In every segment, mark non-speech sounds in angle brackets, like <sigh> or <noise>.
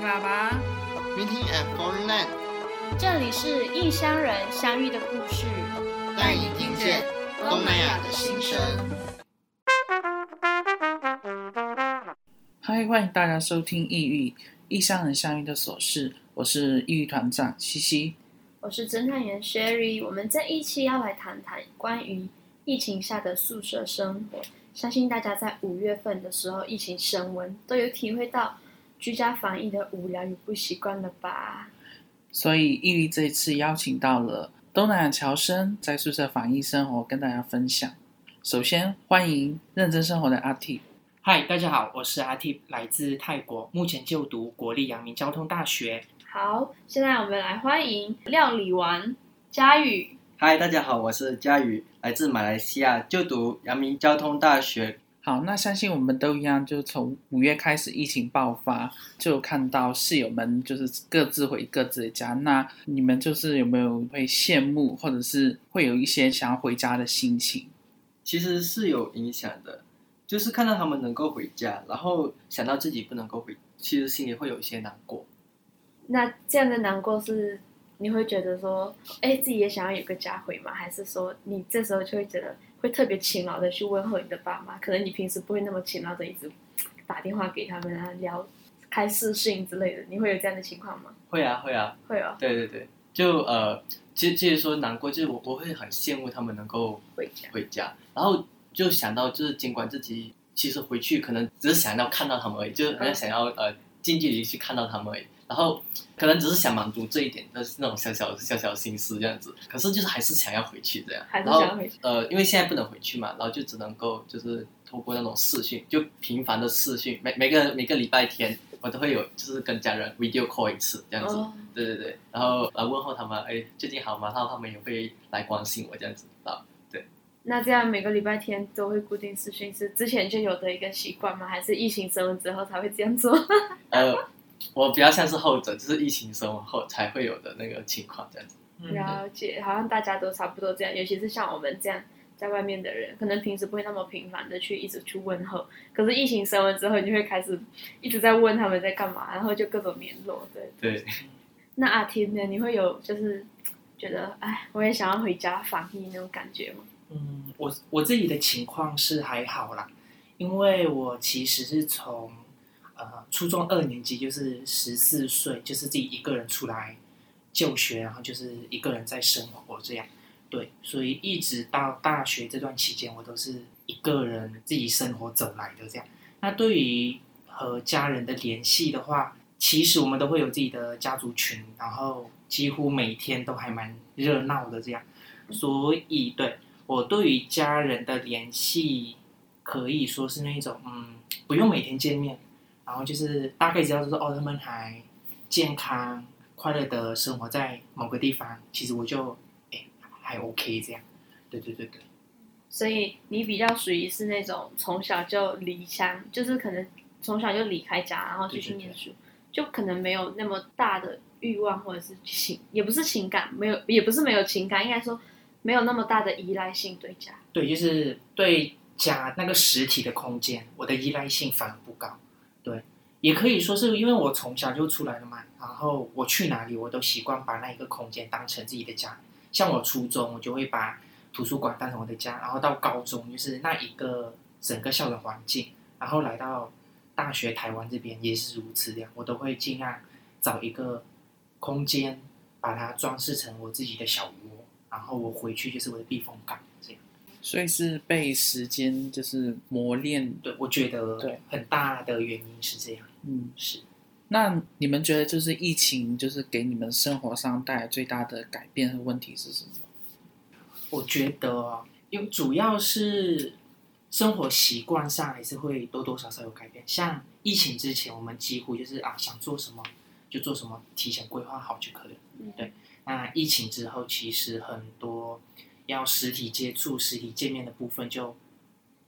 爸爸。Meeting at foreign land。這裡是異鄉人相遇的故事。歡迎聽見東南亞的心聲。嗨，歡迎大家收聽《異遇異鄉人相遇的瑣事》，我是異遇團長西西，我是偵探員 Sherry。我們這一期要來談談關於疫情下的宿舍生活。相信大家在五月份的時候，疫情升溫，都有體會到。居家防疫的無聊與不習慣了吧？所以，異遇這一次邀請到了東南亞僑生，在宿舍防疫生活跟大家分享。首先，歡迎認真生活的阿 T。Hi，大家好，我是阿 T，來自泰國，目前就讀國立陽明交通大學。好，現在我們來歡迎料理王家宇。Hi，大家好，我是家宇，來自馬來西亞，就讀陽明交通大學。好，那相信我們都一樣，就是從五月開始疫情爆發，就看到室友們就是各自回各自的家。那你們就是有沒有會羨慕，或者是會有一些想要回家的心情？其實是有影響的，就是看到他們能夠回家，然後想到自己不能夠回，其實心裡會有一些難過。那這樣的難過是你會覺得說，哎，自己也想要有個家回嗎？還是說你這時候就會覺得？會特別勤勞的去問候你的爸媽，可能你平時不會那麼勤勞的一直打電話給他們啊，聊開視訊之類的，你會有這樣的情況嗎？會啊，會啊，會啊、哦。對對對，就呃其實，其實說難過，就是我我會很羨慕他們能夠回家回家，然後就想到就是盡管自己其實回去可能只是想要看到他們而已，就是很想要呃近距離去看到他們而已。然後可能只是想滿足這一點，但是那種小、小小小小的心思這樣子。可是就是還是想要回去這樣。還是想要回去。呃，因為現在不能回去嘛，然後就只能夠就是通過那種視訊，就頻繁的視訊。每每個每個禮拜天，我都會有就是跟家人 video call 一次這樣子。哦、對對對。然後來問候他們，哎，最近好嗎？然後他們也會來關心我這樣子啊。對。那這樣每個禮拜天都會固定視訊是之前就有的一個習慣嗎？還是疫情升溫之後才會這樣做？ <laughs> 呃。我比較像是後者，就是疫情升溫後才會有的那個情況這樣子。了解，好像大家都差不多這樣，尤其是像我們這樣在外面的人，可能平時不會那麼頻繁的去一直去問候。可是疫情升溫之後，你就會開始一直在問他們在幹嘛，然後就各種聯絡。對，對，對。對。那阿天呢？你會有就是覺得，哎，我也想要回家防疫那種感覺嗎？嗯，我我自己的情況是還好啦，因為我其實是從。呃，初中二年級，就是十四歲，就是自己一個人，出來就學，然後就是一個人在生活這樣。對，所以一直到大學這段期間，我都是一個人自己生活走來的這樣。那對於和家人的聯繫的話，其實我們都會有自己的家族群，然後幾乎每天都還蠻熱鬧的這樣。所以，對我對於家人的聯繫，可以說是那一種嗯，不用每天見面。然後就是大概只要說奧特曼還健康，快樂的生活在某個地方，其實我就哎還 OK 這樣。對，對對對對。所以你比較屬於是那種從小就離鄉，就是可能從小就離開家，然後去去念書對對對，就可能沒有那麼大的慾望或者是情，也不是情感，沒有也不是沒有情感，應該說沒有那麼大的依賴性對家。對，就是對家那個實體的空間，我的依賴性反而不高。對，也可以說是因為我從小就出來了嘛，然後我去哪裡，我都習慣把那一個空間當成自己的家。像我初中，我就會把圖書館當成我的家，然後到高中就是那一個整個校園環境，然後來到大學台灣這邊也是如此的，我都會盡量找一個空間，把它裝飾成我自己的小屋，然後我回去就是我的避風港。所以是被時間就是磨練，對，我覺得對，很大的原因是這樣。嗯，是。那你們覺得就是疫情就是給你們生活上帶來最大的改變和問題是什麼？我覺得，因為主要是生活習慣上還是會多多少少有改變。像疫情之前，我們幾乎就是啊，想做什麼就做什麼，提前規劃好就可以了。嗯，對。那疫情之後，其實很多。要實體接觸、實體見面的部分就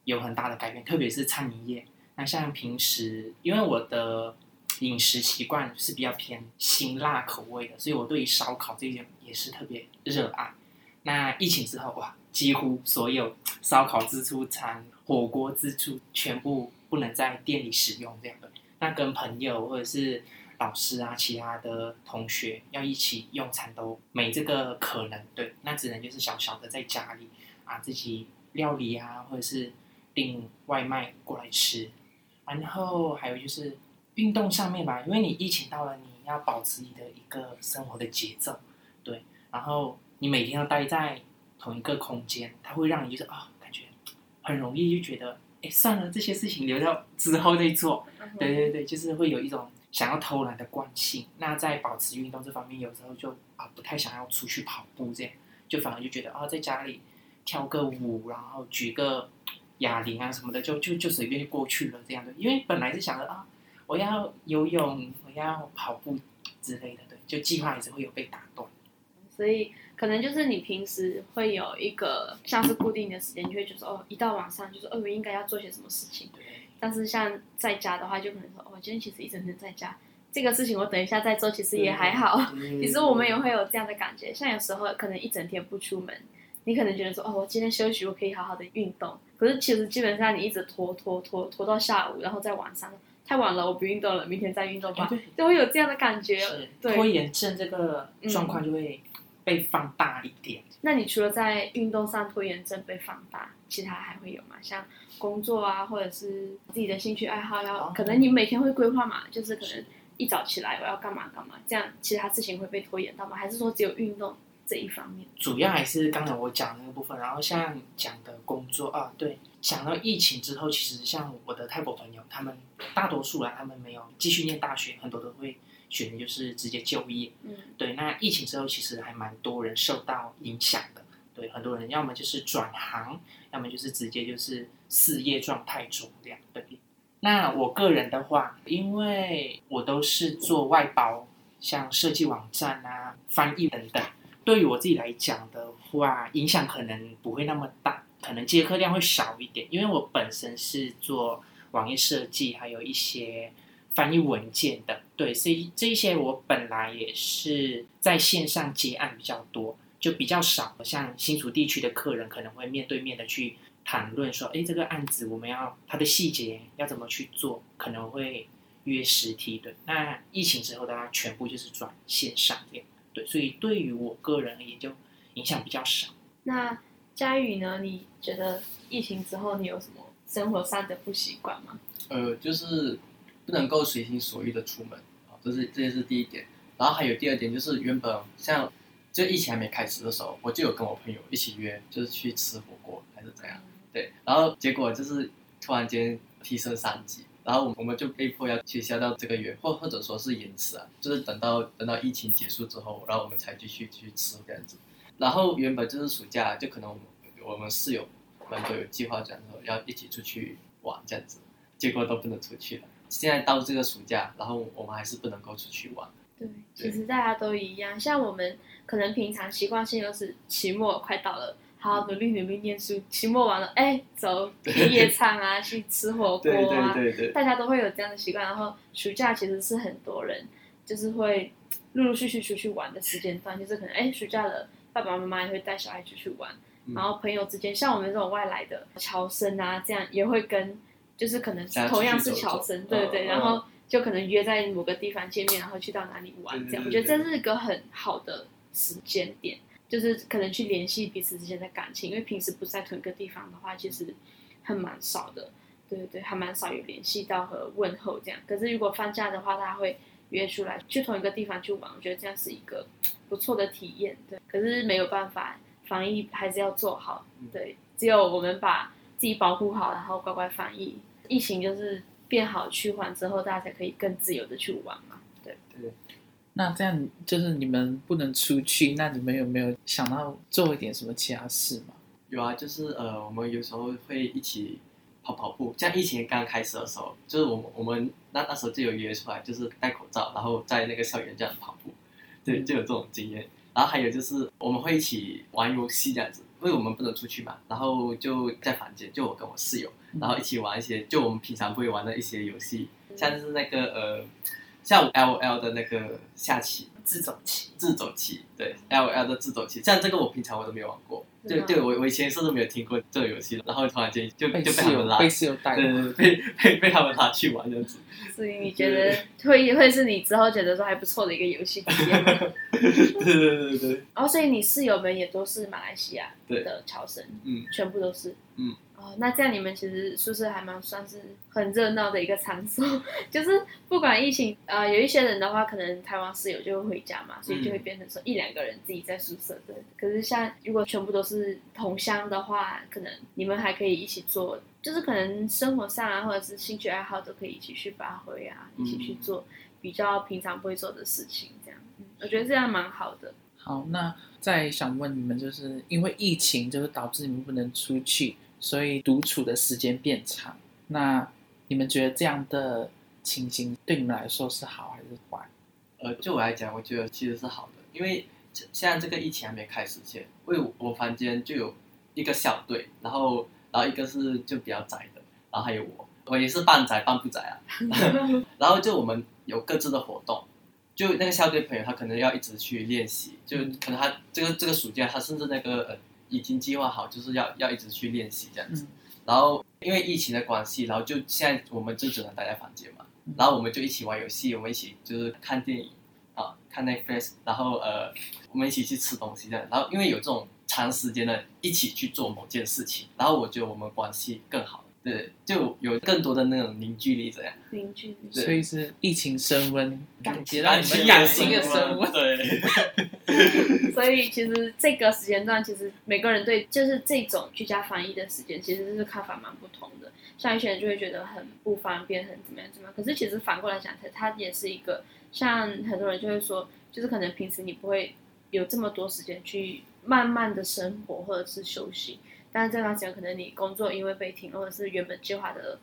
有很大的改變，特別是餐飲業。那像平時，因為我的飲食習慣是比較偏辛辣口味的，所以我對於燒烤這些也是特別熱愛。那疫情之後，哇，幾乎所有燒烤自助餐、火鍋自助全部不能在店裡使用這樣的。那跟朋友或者是老師啊，其他的同學要一起用餐都沒這個可能，對，那只能就是小小的在家裡啊自己料理啊，或者是訂外賣過來吃。然後還有就是運動上面吧，因為你疫情到了，你要保持你的一個生活的節奏，對。然後你每天要待在同一個空間，它會讓你就是啊感覺很容易就覺得，哎，算了，這些事情留到之後再做。對對對，就是會有一種。想要偷懶的慣性，那在保持運動這方面，有時候就啊不太想要出去跑步，這樣就反而就覺得啊在家裡跳個舞，然後舉個啞鈴啊什麼的，就就就隨便就過去了這樣的，因為本來是想着啊我要游泳，我要跑步之類的，對，就計劃也是會有被打斷。所以可能就是你平時會有一個像是固定的時間，就會就是哦一到晚上就是哦明明應該要做些什麼事情。對但是像在家的話，就可能說，我、哦、今天其實一整天在家，這個事情我等一下再做，其實也還好、嗯。其實我們也會有這樣的感覺、嗯，像有時候可能一整天不出門，你可能覺得說，哦，我今天休息，我可以好好的運動。可是其實基本上你一直拖拖拖拖到下午，然後在晚上太晚了，我不運動了，明天再運動吧，哎、就會有這樣的感覺，對、拖延症這個狀況、嗯、就會。被放大一點。那你除了在運動上拖延症被放大，其他還會有嗎？像工作啊，或者是自己的興趣愛好要，要、oh. 可能你每天會規劃嘛，就是可能一早起來我要幹嘛幹嘛，這樣其他事情會被拖延到嗎？還是說只有運動這一方面？主要還是剛才我講的那個部分，然後像講的工作啊，對，想到疫情之後，其實像我的泰國朋友，他們大多數啊，他們沒有繼續念大學，很多都會。選的就是直接就業，嗯，對。那疫情之後，其實還蠻多人受到影響的，對，很多人要麼就是轉行，要麼就是直接就是失業狀態中這樣，對。那我個人的話，因為我都是做外包，像設計網站啊、翻譯等等，對於我自己來講的話，影響可能不會那麼大，可能接客量會少一點，因為我本身是做網頁設計，還有一些。翻譯文件的，對，所以這些我本來也是在線上接案比較多，就比較少。像新竹地區的客人可能會面對面的去談論說，哎，這個案子我們要它的細節要怎麼去做，可能會約實體的。那疫情之後的，大家全部就是轉線上面，對，所以對於我個人而言，就影響比較少。那家宇呢？你覺得疫情之後你有什麼生活上的不習慣嗎？呃，就是。不能夠隨心所欲的出門啊，這是這也是第一點。然後還有第二點就是原本像，就疫情還沒開始的時候，我就有跟我朋友一起約，就是去吃火鍋還是怎樣，對。然後結果就是突然間提升三級，然後我們就被迫要取消到這個月，或或者說是延遲啊，就是等到等到疫情結束之後，然後我們才繼續去吃這樣子。然後原本就是暑假就可能我們，我們室友我們都有計劃講說要一起出去玩這樣子，結果都不能出去了。現在到這個暑假，然後我們還是不能夠出去玩。對，對，其實大家都一樣。像我們可能平常習慣性都是期末快到了，好好努力努力念書。期末完了，哎、欸，走，去 <laughs> 夜場啊，去吃火鍋啊， <laughs> 對，對，對，對對，大家都會有這樣的習慣。然後暑假其實是很多人就是會陸陸續續出去玩的時間段，就是可能哎、欸，暑假了，爸爸媽媽也會帶小孩出去玩， <laughs> 然後朋友之間，像我們這種外來的僑生啊，這樣也會跟。就是可能是同樣是僑生，走走對不對，然後就可能約在某個地方見面，哦、然後去到哪裡玩這樣。我、嗯、覺得這是一個很好的時間點、嗯，就是可能去聯繫彼此之間的感情，嗯、因為平時不在同一個地方的話，其實還蠻少的。對對對，還蠻少有聯繫到和問候這樣。可是如果放假的話，大家會約出來去同一個地方去玩，我覺得這樣是一個不錯的體驗。對，可是沒有辦法，防疫還是要做好。對，嗯、只有我們把自己保護好，然後乖乖防疫。疫情就是變好趨緩之後，大家才可以更自由的去玩嘛。對對。那這樣就是你們不能出去，那你們有沒有想到做一點什麼其他事嗎？有啊，就是呃，我們有時候會一起跑跑步。像疫情剛開始的時候，就是我們我們那那時候就有約出來，就是戴口罩，然後在那個校園這樣跑步，對，就有這種經驗。嗯。然後還有就是我們會一起玩遊戲這樣子。因為我們不能出去嘛，然後就在房間，就我跟我室友，然後一起玩一些，就我們平常不會玩的一些遊戲，像是那個呃，像 LOL 的那個下棋，自走棋，自走棋。對，L L 的自走棋，像這個我平常我都沒有玩過，對對，我我以前是不是沒有聽過這種遊戲，然後突然間就就被他們拉，被室友帶，被對對對對對對被被，被他們拉去玩這樣子。所以你覺得會對對對對會，會是你之後覺得說還不錯的一個遊戲體驗。對對對對。哦，所以你室友們也都是馬來西亞的僑生對？嗯，全部都是，嗯。哦，那這樣你們其實宿舍還蠻算是很熱鬧的一個場所， <laughs> 就是不管疫情，啊、呃，有一些人的話，可能台灣室友就會回家嘛，所以就會變成說一兩。嗯一個人自己在宿舍的，可是像如果全部都是同鄉的話，可能你們還可以一起做，就是可能生活上啊，或者是興趣愛好都可以一起去發揮啊，一起去做比較平常不會做的事情，這樣、嗯嗯，我覺得這樣蠻好的。好，那再想問你們，就是因為疫情就是導致你們不能出去，所以獨處的時間變長，那你們覺得這樣的情形對你們來說是好還是壞？呃，就我來講，我覺得其實是好的，因為。現在這個疫情還沒開始前，為我，我房間就有一個小隊，然後然後一個是就比較宅的，然後還有我，我也是半宅半不宅啊。 <laughs> 然後就我們有各自的活動，就那個小隊朋友他可能要一直去練習，就可能他這個這個暑假他甚至那個、呃、已經計劃好就是要要一直去練習這樣子，嗯。然後因為疫情的關係，然後就現在我們就只能待在房間嘛，然後我們就一起玩遊戲，我們一起就是看電影。看那 face 然後呃，我們一起去吃東西這樣，然後因為有這種長時間的一起去做某件事情，然後我覺得我們關係更好，對，就有更多的那種凝聚力這樣。凝聚力。所以是疫情升溫，感覺讓你們養的升溫。對。 <laughs> 所以其實這個時間段，其實每個人對就是這種居家防疫的時間，其實是看法蠻不同的。像有些人就會覺得很不方便，很怎麼樣怎麼樣，可是其實反過來講，它它也是一個。像很多人就會說，就是可能平時你不會有這麼多時間去慢慢的生活或者是休息，但是這段時間可能你工作因為被停，或者是原本計劃的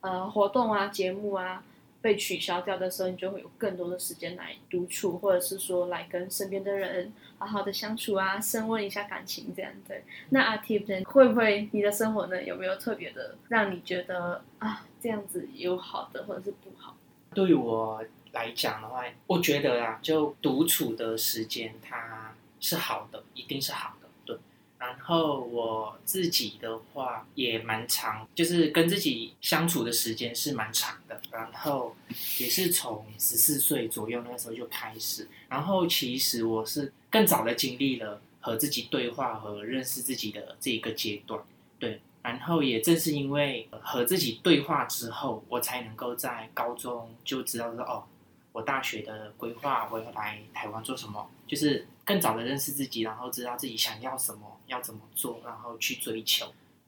呃活動啊節目啊被取消掉的時候，你就會有更多的時間來獨處，或者是說來跟身邊的人好好的相處啊，升溫一下感情這樣對。那阿 Tip 呢，會不會你的生活呢有沒有特別的讓你覺得啊這樣子有好的或者是不好？對我。來講的話，我覺得啊，就獨處的時間它是好的，一定是好的，對。然後我自己的話也蠻長，就是跟自己相處的時間是蠻長的。然後也是從十四歲左右那個時候就開始。然後其實我是更早的經歷了和自己對話和認識自己的這一個階段，對。然後也正是因為和自己對話之後，我才能夠在高中就知道說哦。我大學的規劃，我要來台灣做什麼？就是更早的認識自己，然後知道自己想要什麼，要怎麼做，然後去追求。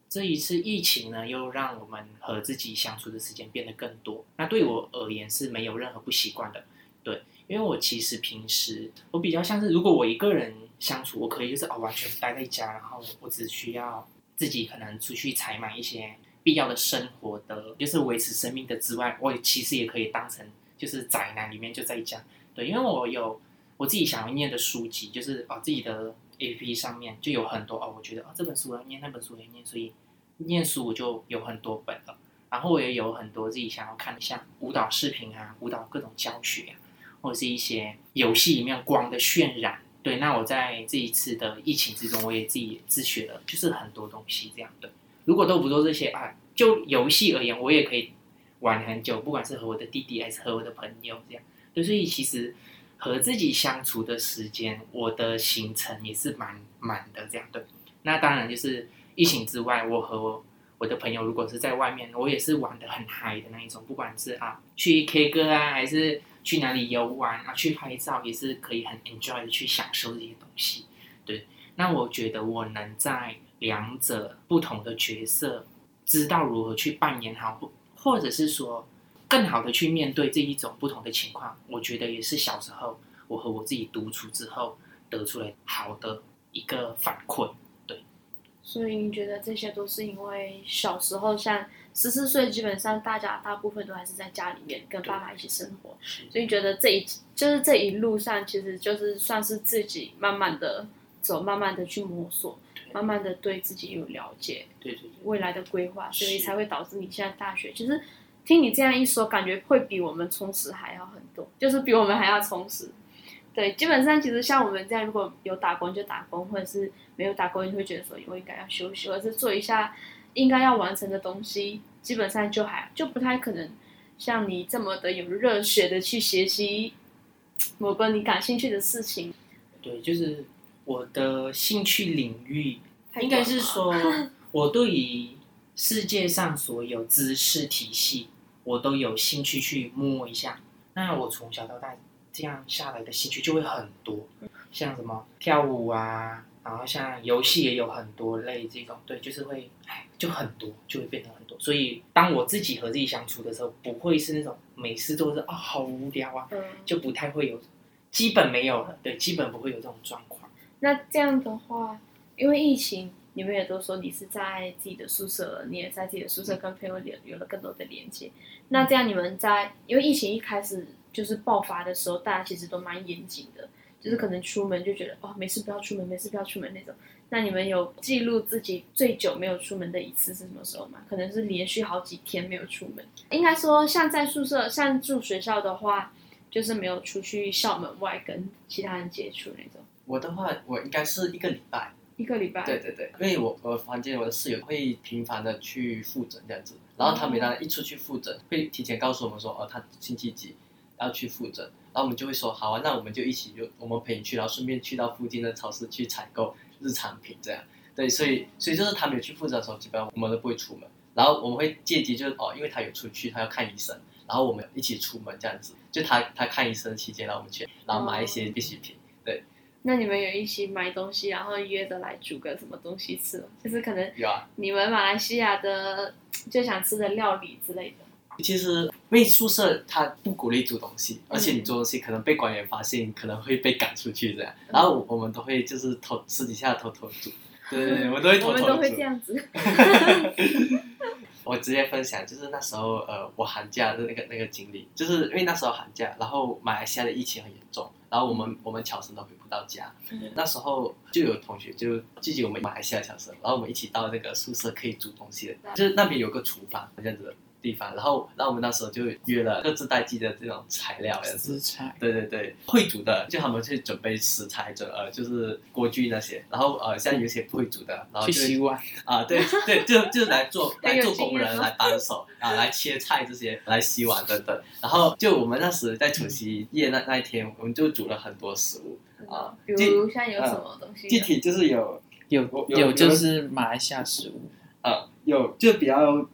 這一次疫情呢，又讓我們和自己相處的時間變得更多。那對我而言是沒有任何不習慣的，對，因為我其實平時我比較像是，如果我一個人相處，我可以就是哦，完全不待在家，然後我只需要自己可能出去採買一些必要的生活的，就是維持生命的之外，我其實也可以當成。就是宅男裡面就在講，對，因為我有我自己想要念的書籍，就是把、哦、自己的 APP 上面就有很多哦，我覺得哦這本書要念，那本書要念，所以念書我就有很多本了。然後我也有很多自己想要看的，像舞蹈視頻啊、舞蹈各種教學啊，或者是一些遊戲裡面光的渲染。對，那我在這一次的疫情之中，我也自己也自學了，就是很多東西這樣。對，如果都不做這些啊，就遊戲而言，我也可以。玩很久，不管是和我的弟弟還是和我的朋友，這樣。對，所以其實和自己相處的時間，我的行程也是滿滿的這樣對。那當然就是疫情之外，我和我，我的朋友如果是在外面，我也是玩得很嗨的那一種，不管是啊去 K 歌啊，還是去哪裡遊玩啊，去拍照也是可以很 enjoy 的去享受這些東西。對，那我覺得我能在兩者不同的角色，知道如何去扮演好。或者是說，更好的去面對這一種不同的情況，我覺得也是小時候我和我自己獨處之後得出來好的一個反饋，對。所以你覺得這些都是因為小時候，像十四歲，基本上大家大部分都還是在家裡面跟爸爸一起生活，是，所以你覺得這一就是這一路上，其實就是算是自己慢慢的走，慢慢的去摸索。慢慢的對自己有了解，對對，對未來的規劃，所以才會導致你現在大學。其實、就是、聽你這樣一說，感覺會比我們充實還要很多，就是比我們還要充實。對，基本上其實像我們這樣，如果有打工就打工，或者是沒有打工，你會覺得說我應該要休息，或者是做一下應該要完成的東西。基本上就還就不太可能像你這麼的有熱血的去學習某個你感興趣的事情。對，就是。我的興趣領域應該是說，我對於世界上所有知識體系，我都有興趣去摸一下。那我從小到大這樣下來的興趣就會很多，像什麼跳舞啊，然後像遊戲也有很多類這種，對，就是會，就很多，就會變成很多。所以當我自己和自己相處的時候，不會是那種每次都是啊、哦、好無聊啊，就不太會有，基本沒有了，對，基本不會有這種狀況。那這樣的話，因為疫情，你們也都說你是在自己的宿舍了，你也在自己的宿舍跟朋友有有了更多的連接。那這樣你們在因為疫情一開始就是爆發的時候，大家其實都蠻嚴謹的，就是可能出門就覺得哦，沒事不要出門，沒事不要出門那種。那你們有記錄自己最久沒有出門的一次是什麼時候嗎？可能是連續好幾天沒有出門。應該說，像在宿舍，像住學校的話，就是沒有出去校門外跟其他人接觸那種。我的話，我應該是一個禮拜，一個禮拜，對對對，因為我我房間我的室友會頻繁的去復診這樣子，然後他每當一出去復診，嗯、會提前告訴我們說哦，他星期幾要去復診，然後我們就會說好啊，那我們就一起就我們陪你去，然後順便去到附近的超市去採購日常品這樣，對，所以所以就是他沒有去復診的時候，基本上我們都不會出門，然後我們會借機就是哦，因為他有出去，他要看醫生，然後我們一起出門這樣子，就他他看醫生期間，然後我們去然後買一些必需品，嗯，對。那你們有一起買東西，然後約着來煮個什麼東西吃？其實、就是、可能你們馬來西亞的最想吃的料理之類的。其實，因為宿舍他不鼓勵煮東西，而且你做東西可能被管理員發現，可能會被趕出去。這樣、嗯，然後我們都會就是偷私底下偷偷煮。對對、嗯、對，我們都會偷偷我們都會這樣子。 <laughs> <laughs> 我直接分享，就是那時候，呃，我寒假的那個那個經歷，就是因為那時候寒假，然後馬來西亞的疫情很嚴重，然後我們我們僑生都回不到家，嗯，那時候就有同學就聚集我們馬來西亞僑生，然後我們一起到那個宿舍可以煮東西的，就是那邊有個廚房這樣子。地方，然後那我們那時候就約了各自帶自己的這種材料，食材，對對對，會煮的就他們去準備食材，呃，就是鍋具那些，然後呃，像有些不會煮的，然後就去洗碗啊、呃，對對，就就來做 <laughs> 來做工人來幫手啊、呃，來切菜這些，來洗碗等等。然後就我們那時在除夕夜那 <laughs> 那一天，我們就煮了很多食物啊、呃，比如像有什麼東西，具體就是有有有就是馬來西亞食物啊、呃，有就比較。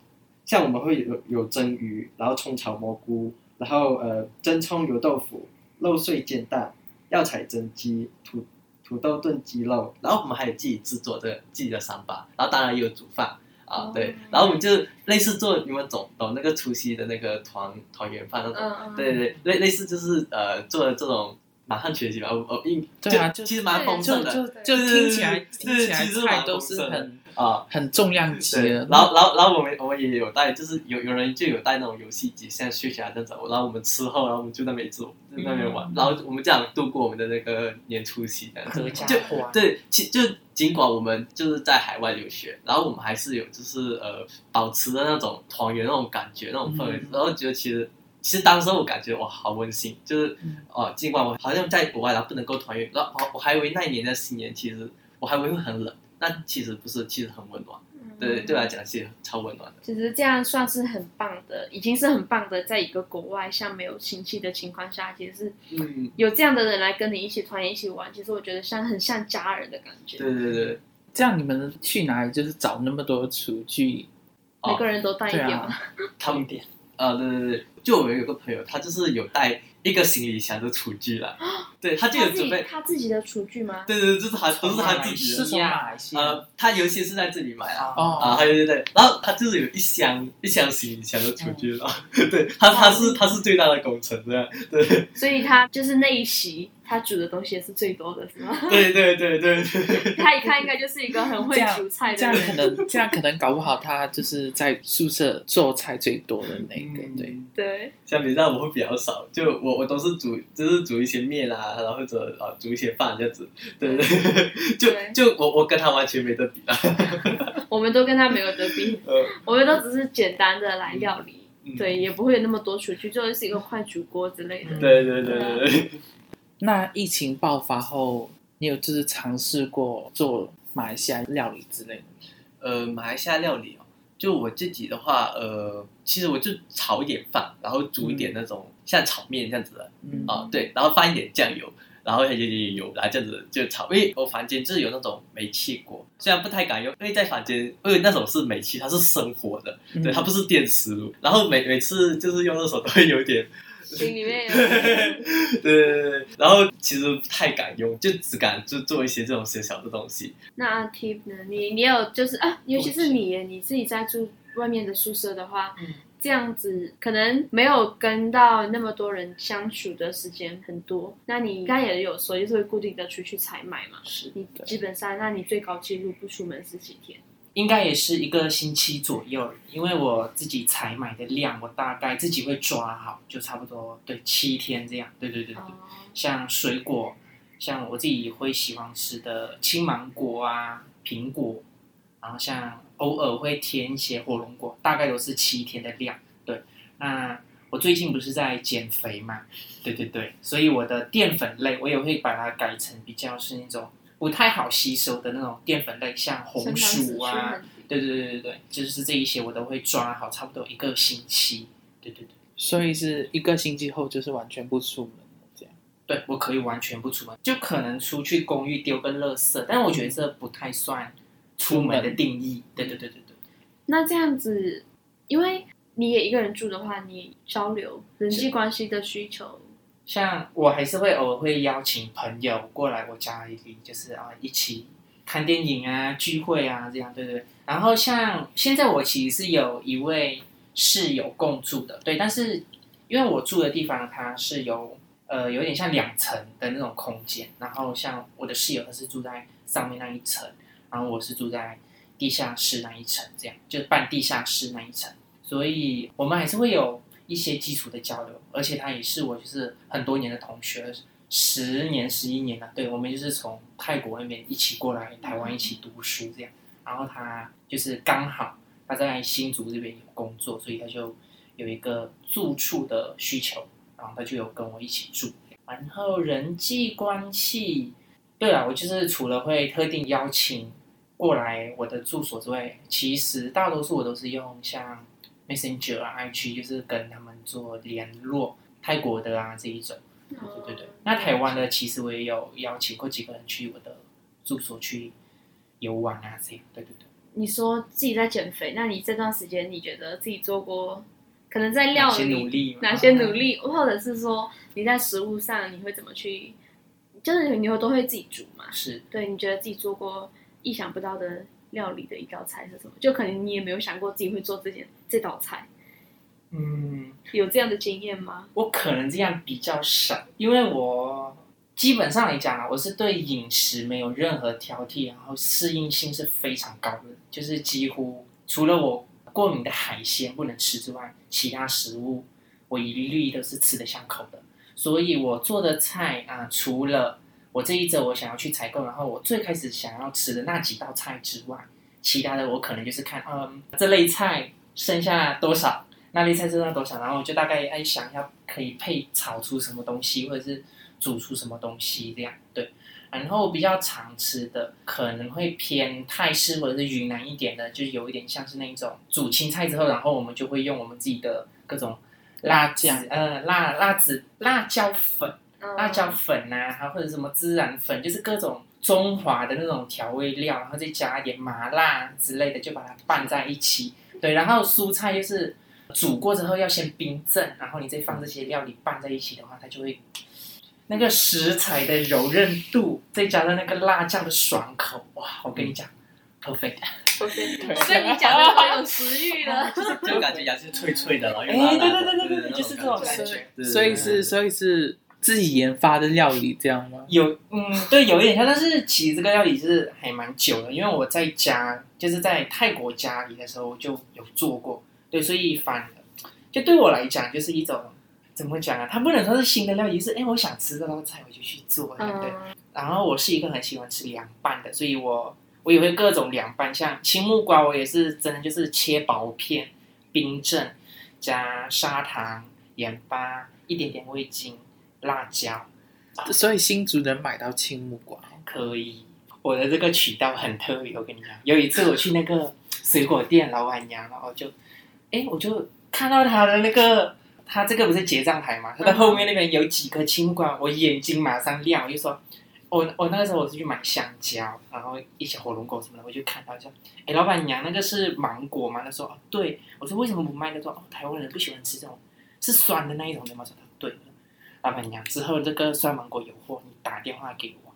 像我們會有有蒸魚，然後蔥炒蘑菇，然後呃蒸蔥油豆腐、肉碎煎蛋、藥材蒸雞、土土豆燉雞肉，然後我們還有自己製作的自己的參巴，然後當然也有煮飯啊、呃哦，對，然後我們就類似做你們總總那個除夕的那個團團圓飯那種，嗯、對對，類類似就是呃做的這種滿漢全席吧，哦哦，並對啊，其實蠻豐盛的，就，就、就是就，就就是、聽起來、就是、聽起來菜都是很啊，很重量級的。然後，然後，然後我們我們也有帶，就是有有人就有帶那種遊戲機，像在睡起那種。然後我們吃後，然後我們就在那邊住，在那邊玩、嗯。然後我們這樣度過我們的那個年初期，的、嗯。就對，就儘管我們就是在海外留學，然後我們還是有，就是呃，保持著那種團圓那種感覺，嗯、那種氛圍。然後覺得其實，其實當時我感覺哇，好溫馨，就是哦、嗯啊，儘管我好像在國外，然後不能夠團圓，然後我還以為那一年的新年，其實我還以為會很冷。但其實不是，其實很溫暖，對對對來講，其實、嗯、超溫暖的。其實這樣算是很棒的，已經是很棒的，在一個國外像沒有親戚的情況下，其實是有這樣的人來跟你一起團圓、一起玩、嗯。其實我覺得像很像家人的感覺。對對對，這樣你們去哪裡就是找那麼多廚具，哦、每個人都帶一點嗎？帶一點、啊、他們點。啊、哦，對對對，就我們有個朋友，他就是有帶。一個行李箱的廚具了。哦，對他就有準備他自、他自己的廚具嗎？對對對，就是都是他自己的，是從馬來西亞呃、呃，他尤其是在這裡買了啊，還有在，然後他就是有一箱一箱行李箱的廚具了，嗯、 <laughs> 對他他是他是最大的工程這樣，對，所以他就是那一席。他煮的東西也是最多的是嗎？對對對對，對。他一看應該就是一個很會煮菜的 <laughs> 這。這樣可能 <laughs> 這樣可能搞不好他就是在宿舍做菜最多的那個。對、嗯、對。相比之下我會比較少，就我我都是煮就是煮一些麵啦，然後或者啊煮一些飯這樣子，對不對， <laughs> 對？就就我我跟他完全沒得比啊。 <laughs> <laughs> 我們都跟他沒有得比、呃，我們都只是簡單的來料理，嗯、對、嗯，也不會有那麼多廚具，就是一個快煮鍋之類的。對對對對，對。 <laughs> 那疫情爆發後，你有就是嘗試過做馬來西亞料理之類的？呃，馬來西亞料理哦，就我自己的話，呃，其實我就炒一點飯，然後煮一點那種、嗯、像炒麵這樣子的、嗯、啊，對，然後放一點醬油，然後一點點油，然後這樣子就炒。因為我房間就是有那種煤氣鍋，雖然不太敢用，因為在房間，因為那種是煤氣，它是生火的、嗯，對，它不是電磁爐。然後每每次就是用的時候都會有點。心裡面， <laughs> 對，對對對，然後其實不太敢用，就只敢就做一些這種小小的東西。那阿 Tip 呢？你你有就是啊，尤其是你你自己在住外面的宿舍的話、嗯，這樣子可能沒有跟到那麼多人相處的時間很多。那你應該也有說，就是會固定的出去採買嘛是，你基本上，那你最高紀錄不出門是幾天？應該也是一個星期左右，因為我自己採買的量，我大概自己會抓好，就差不多對七天這樣。對對對對，像水果，像我自己會喜歡吃的青芒果啊、蘋果，然後像偶爾會添一些火龍果，大概都是七天的量。對，那我最近不是在減肥嘛？對對對，所以我的澱粉類我也會把它改成比較是那種。不太好吸收的那種澱粉類，像紅薯啊，對對對對對，就是這一些我都會抓好，差不多一個星期，對對對。所以是一個星期後就是完全不出門了這樣。對，我可以完全不出門，就可能出去公寓丟個垃圾，但我覺得這不太算出門的定義。對對對對對。那這樣子，因為你也一個人住的話，你也交流人際關係的需求。像我還是會偶爾會邀請朋友過來我家裡，就是啊一起看電影啊聚會啊這樣，對對對。然後像現在我其實是有一位室友共住的，對，但是因為我住的地方它是有呃有點像兩層的那種空間，然後像我的室友他是住在上面那一層，然後我是住在地下室那一層，這樣就是半地下室那一層，所以我們還是會有。一些基礎的交流，而且他也是我就是很多年的同學，十年十一年了。對，我們就是從泰國那邊一起過來台灣一起讀書這樣，然後他就是剛好他在新竹這邊有工作，所以他就有一個住處的需求，然後他就有跟我一起住。然後人際關係，對啊，我就是除了會特定邀請過來我的住所之外，其實大多數我都是用像。Messenger 啊，IG 就是跟他們做聯絡，泰國的啊這一種，對對、uh, 那台灣的其實我也有邀請過幾個人去我的住所去遊玩啊，這樣，對對對。你說自己在減肥，那你這段時間你覺得自己做過，可能在料理哪些、哪些努力，或者是說你在食物上你會怎麼去？就是你以後都會自己煮嘛？是，對，你覺得自己做過意想不到的。料理的一道菜是什麼？就可能你也沒有想過自己會做這件這道菜，嗯，有這樣的經驗嗎？我可能這樣比較少，因為我基本上來講啊，我是對飲食沒有任何挑剔，然後適應性是非常高的，就是幾乎除了我過敏的海鮮不能吃之外，其他食物我一律、律都是吃得下口的，所以我做的菜啊，除了。我這一周我想要去採購，然後我最開始想要吃的那幾道菜之外，其他的我可能就是看，嗯，這類菜剩下多少，那類菜剩下多少，然後我就大概哎想要可以配炒出什麼東西，或者是煮出什麼東西這樣，對。然後比較常吃的可能會偏泰式或者是雲南一點的，就是有一點像是那種煮青菜之後，然後我們就會用我們自己的各種辣醬、呃辣辣子、辣椒粉。辣椒粉啊，然後或者什麼孜然粉，就是各種中華的那種調味料，然後再加一點麻辣之類的，就把它拌在一起。對，然後蔬菜就是煮過之後要先冰鎮，然後你再放這些料理拌在一起的話，它就會那個食材的柔韌度，再加上那個辣醬的爽口，哇！我跟你講，perfect，perfect <laughs> 所以你講，好有食欲的，就是感覺牙是脆脆的，對對對對對，的，就是這種感覺。所以是，所以是。自己研發的料理，這樣嗎？有嗯，對，有一點像，但是其實這個料理是還蠻久的，因為我在家就是在泰國家裡的時候就有做過，對，所以反就對我來講就是一種怎麼講啊？它不能說是新的料理，就是哎，我想吃這道菜我就去做，對不對、嗯？然後我是一個很喜歡吃涼拌的，所以我我也會各種涼拌，像青木瓜，我也是真的就是切薄片，冰鎮加砂糖、鹽巴，一點點味精。辣椒，所以新竹能買到青木瓜？可以，我的這個渠道很特別。我跟你講，有一次我去那個水果店，老闆娘，然後就，哎，我就看到他的那個，他這個不是結賬台嘛，他的後面那邊有幾個青木瓜，我眼睛馬上亮，我就說，我我那個時候我是去買香蕉，然後一些火龍果什麼的，我就看到一下，哎，老闆娘那個是芒果嗎？他說、哦，對，我說為什麼不賣？他、哦、說，台灣人不喜歡吃這種，是酸的那一種，對嗎？老闆娘，之後，這個酸芒果有貨，你打電話給我，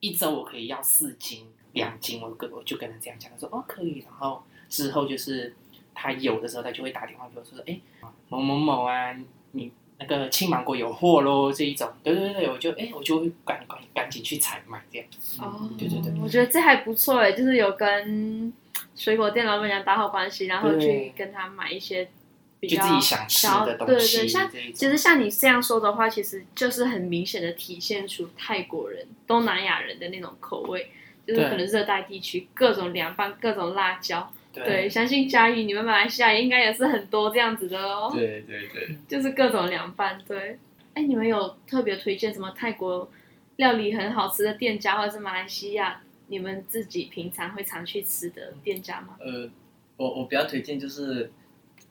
一周我可以要四斤、兩斤，我跟我就跟他這樣講，他說哦可以，然後之後就是他有的時候他就會打電話給我說，哎、欸，某某某啊，你那個青芒果有貨咯，這一種，對對對，我就哎、欸、我就趕趕趕緊去採買這樣，哦、嗯，對對對，我覺得這還不錯哎、欸，就是有跟水果店老闆娘打好關係，然後去跟他買一些。就想比較想要，對、對對，像其實像你這樣說的話，其實就是很明顯的體現出泰國人、東南亞人的那種口味，就是可能熱帶地區各種涼拌、各種辣椒。對，對，相信家宇你們馬來西亞應該也是很多這樣子的哦。對對對。就是各種涼拌，對。哎、欸，你們有特別推薦什麼泰國料理很好吃的店家，或者是馬來西亞你們自己平常會常去吃的店家嗎？嗯、呃，我我比較推薦就是。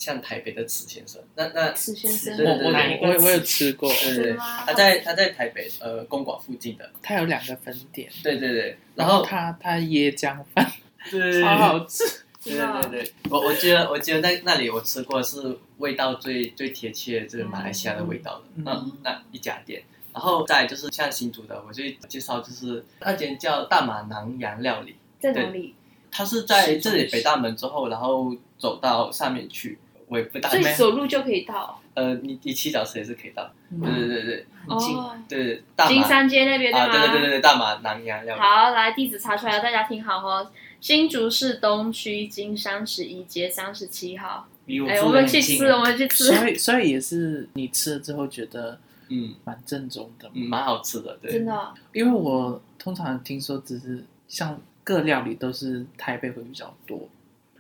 像台北的池先生，那那池先生對對對池我我我我有吃過，對對他在他在台北呃公館附近的，他有兩個分店，對對對，然後，然後他他椰漿飯，超好，好吃，對， <laughs> 對，對對對，我我記得我記得在那，那裡我吃過是味道最最貼切就是馬來西亞的味道的，嗯、那那一家店，嗯、然後再就是像新竹的，我就介紹就是那間叫大馬南洋料理，在哪裡？他是在這裡北大門之後，然後走到上面去。所以走路就可以到，呃，你你騎腳車也是可以到，嗯、對對對對，近、哦，對對，金山街那邊對、啊、對對對對，大馬南洋料理好，來地址查出來了，大家聽好哦。新竹市東區金山十一街三十七號、哦。哎，我們去吃，我們去吃。所以所以也是你吃了之後覺得，嗯，蠻正宗的、嗯嗯，蠻好吃的，對。真的、哦，因為我通常聽說只是像各料理都是台北會比較多。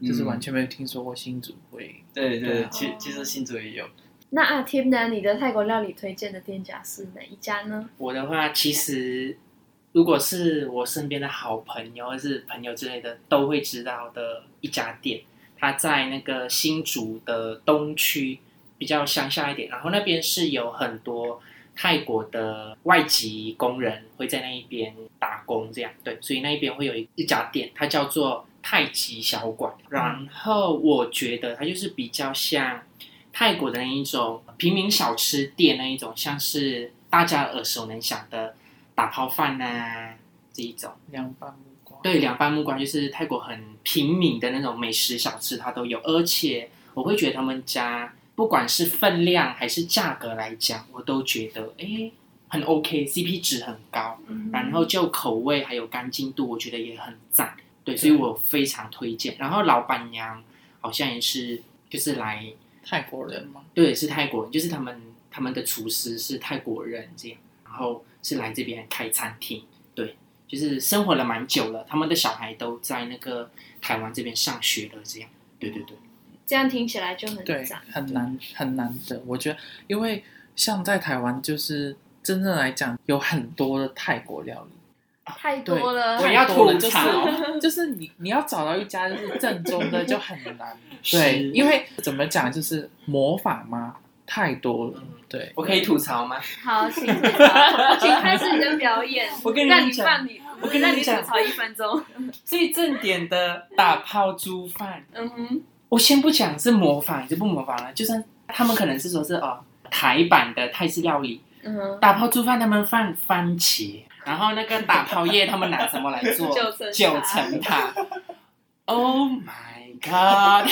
就是完全沒有聽說過新竹會，嗯、對對，其、嗯、其實新竹也有。那阿天呢？你的泰國料理推薦的店家是哪一家呢？我的話，其實如果是我身邊的好朋友，或是朋友之類的，都會知道的一家店。他在那個新竹的東區，比較鄉下一點，然後那邊是有很多泰國的外籍工人會在那一邊打工，這樣對，所以那一邊會有一一家店，它叫做太極小館，然後我覺得它就是比較像泰國的那一種平民小吃店那一種，像是大家耳熟能詳的打拋飯吶、啊、這一種涼拌木瓜，對，涼拌木瓜就是泰國很平民的那種美食小吃，它都有。而且我會覺得他們家不管是分量還是價格來講，我都覺得誒很 OK，CP、OK，值很高。然後就口味還有乾淨度，我覺得也很讚。對，所以我非常推薦。然後老闆娘好像也是，就是來泰國人嘛，對，是泰國人，就是他們他們的廚師是泰國人這樣，然後是來這邊開餐廳。對，就是生活了蠻久了，他們的小孩都在那個台灣這邊上學了這樣。對對對，這樣聽起來就很對，很難很難的。我覺得，因為像在台灣，就是真正來講，有很多的泰國料理。太多了，我要吐槽，就是就是、 <laughs> 就是你你要找到一家就是正宗的就很難。對，因為怎麼講，就是模仿嗎？太多了。對、嗯，我可以吐槽嗎？好，請開始 <laughs> 你的表演。 <laughs> 我跟你講，讓你，放你，我跟你講，吐槽一分鐘。最正點的打拋豬， <laughs> 豬飯，嗯哼，我先不講是模仿就不模仿了，就是他們可能是說是哦台版的泰式料理，嗯，打拋豬飯他們放番茄。然後那個打拋葉，他們拿什麼來做？ <laughs> 九層成塔。 <laughs> Oh my god！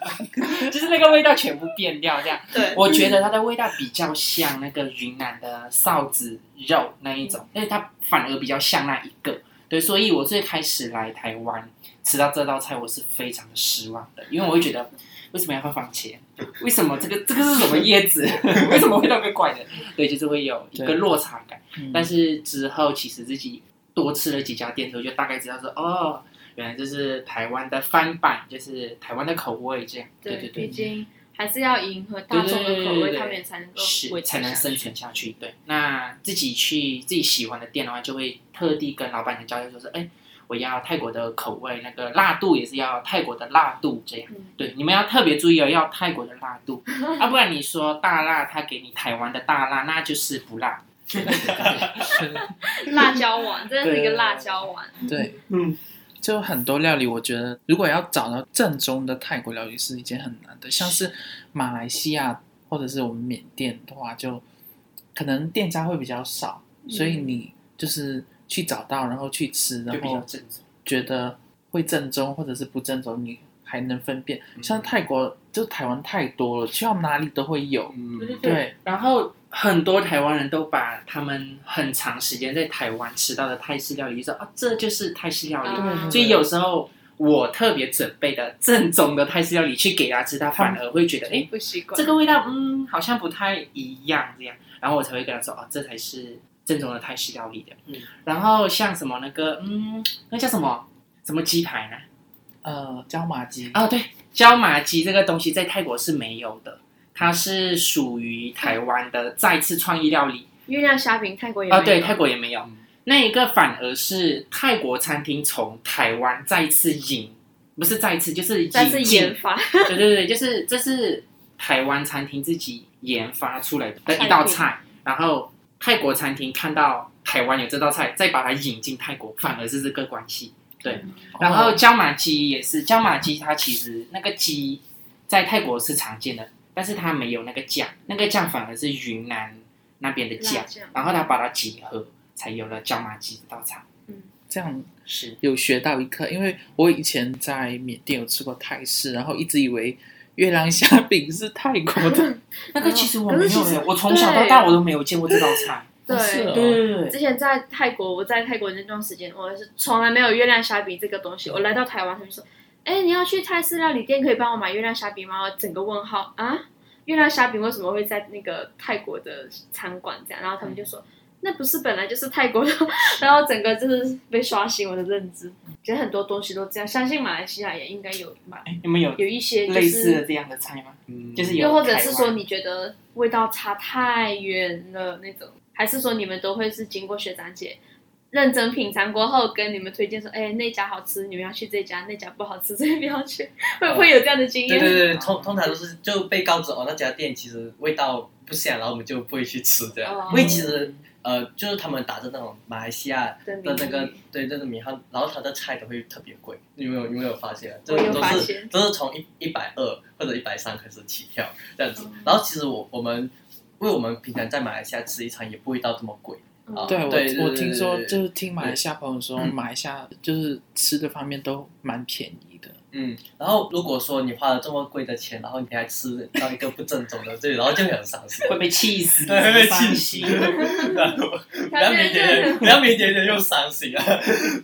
<laughs> 就是那個味道全部變掉，這樣。對。我覺得它的味道比較像那個雲南的臊子肉那一種， <laughs> 但是它反而比較像那一個。對，所以我最開始來台灣吃到這道菜，我是非常的失望的，因為我會覺得。為什麼要放番茄？為什麼這個這個是什麼葉子？為什麼會那麼怪的？對，就是會有一個落差感、嗯。但是之後其實自己多吃了幾家店之後，就大概知道說，哦，原來這是台灣的翻版，就是台灣的口味這樣對。對對對，畢竟還是要迎合大眾的口味，對對對對，他們才能夠是才能生存下去。對，那自己去自己喜歡的店的話，就會特地跟老闆娘交代，說是哎。我要泰國的口味，那個辣度也是要泰國的辣度，這樣、嗯。對，你們要特別注意哦，要泰國的辣度、嗯、啊，不然你說大辣，他給你台灣的大辣，那就是不辣。對對對對 <laughs> <laughs> 辣椒王真的是一個辣椒王。對，對嗯，就很多料理，我覺得如果要找到正宗的泰國料理是一件很難的。像是馬來西亞或者是我們緬甸的話，就可能店家會比較少，所以你就是。嗯去找到，然後去吃，然後覺得會正宗，或者是不正宗，你還能分辨。像泰國，就台灣太多了，去到哪裡都會有。對對對，對。然後很多台灣人都把他們很長時間在台灣吃到的泰式料理說啊，這就是泰式料理。嗯。所以有時候我特別準備的正宗的泰式料理去給他吃，他反而會覺得哎，不習慣，這個味道嗯，好像不太一樣這樣。然後我才會跟他說哦，啊，這才是。正宗的泰式料理的，嗯，然後像什麼那個，嗯，那叫什麼什麼雞排呢？呃，椒麻雞啊、哦，對，椒麻雞這個東西在泰國是沒有的，它是屬於台灣的再次創意料理。月、嗯、亮蝦餅，泰國也沒有啊、哦？對，泰國也沒有、嗯。那一個反而是泰國餐廳從台灣再次引，不是再次，就是次研發。 <laughs> 對對對，就是這是台灣餐廳自己研發出來的一道菜，菜然後。泰國餐廳看到台灣有這道菜，再把它引進泰國，反而是這個關係。對，嗯、然後椒麻雞也是，椒麻雞，嗯、它其實那個雞在泰國是常見的，嗯、但是它沒有那個醬、嗯，那個醬反而是雲南那邊的醬，然後它把它結合、嗯，才有了椒麻雞這道菜。嗯，這樣是有學到一課，因為我以前在緬甸有吃過泰式，然後一直以為。月亮蝦餅是泰國的，那、嗯、個、嗯、其實我沒有、嗯，我從小到大我都沒有見過這道菜。對，哦、對，對，對，對。之前在泰國，我在泰國那段時間，我是從來沒有月亮蝦餅這個東西。我來到台灣，他們說：“哎，你要去泰式料理店，可以幫我買月亮蝦餅嗎？”我整個問號啊！月亮蝦餅為什麼會在那個泰國的餐館這樣？然後他們就說。嗯那不是本來就是泰國的，然後整個就是被刷新我的認知，其實很多東西都這樣。相信馬來西亞也應該有吧？哎，你們有有一些、就是、類似的這樣的菜嗎？嗯，就是有。又或者是說你覺得味道差太遠了那種？還是說你們都會是經過學長姐認真品嘗過後，跟你們推薦說，哎，那家好吃，你們要去這家；那家不好吃，所以不要去。會不、哦、會有這樣的經驗？對對對，通通常都是就被告知哦，那家店其實味道不香，然後我們就不會去吃這樣。為、哦、其實。呃，就是他們打着那種馬來西亞的那個，米米對，這、那個名號，然後他的菜都會特別貴，你有沒有你有沒有發現？我有發現。都是從一一百二或者一百三開始起跳這樣子、嗯。然後其實我我們，為我們平常在馬來西亞吃一餐也不會到這麼貴啊、嗯呃。對。我，我聽說就是聽馬來西亞朋友說、嗯，馬來西亞就是吃的方面都蠻便宜的。嗯，然後如果說你花了這麼貴的錢，然後你還吃到一個不正宗的這裡，然後就很傷心，會被氣死。對，會被氣死、死 <laughs> 然後。然後明天，不要明天又傷心啊！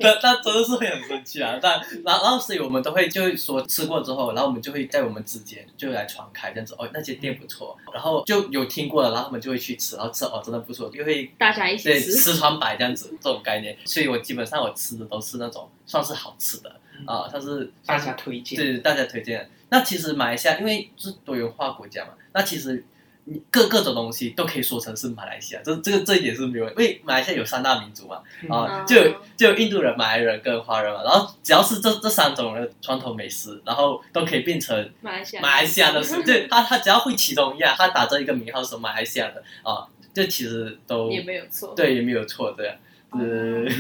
那那真的是會很生氣啊！但然後、然後、 <laughs> 然後、然後，所以我們都會就說吃過之後，然後我們就會在我們之間就來傳開這樣子。哦，那家店不錯，嗯，然後就有聽過了，然後我們就會去吃，然後吃哦，真的不錯，就會大家一起吃十傳百，這樣子這種概念。 <laughs> 所以我基本上我吃的都是那種算是好吃的。啊、嗯，它、呃、是大家，大家推薦，對，大家推薦。那其實馬來西亞因為是多元化國家嘛，那其實你各各種東西都可以說成是馬來西亞。這這個這一點是沒有，因為馬來西亞有三大民族嘛，啊、呃嗯，就就印度人、馬來人、跟華人嘛。然後只要是這這三種的傳統美食，然後都可以變成馬來西亞馬來西亞的。西亞的 <laughs> 就他他只要會其中一樣，他打着一個名號是馬來西亞的啊，就、呃、其實都沒有錯，對也沒有錯，對，對啊啊、嗯。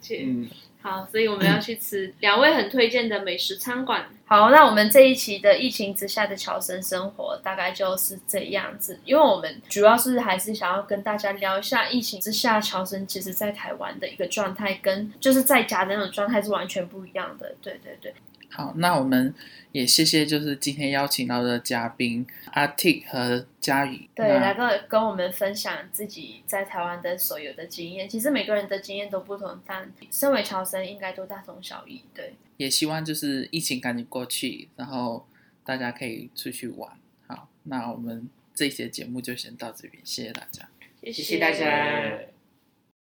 是好，所以我們要去吃兩位很推薦的美食餐館。好，那我們這一期的疫情之下的僑生生活大概就是這樣子，因為我們主要是還是想要跟大家聊一下疫情之下僑生其實在台灣的一個狀態，跟就是在家的那種狀態是完全不一樣的。對對對。好，那我們。也謝謝，就是今天邀請到的嘉賓 Athip 和家宇，對，來個跟我們分享自己在台灣的所有的經驗。其實每個人的經驗都不同，但身為僑生應該都大同小異。對，也希望就是疫情趕緊過去，然後大家可以出去玩。好，那我們這期節目就先到這邊，謝謝大家，謝謝，謝謝大家。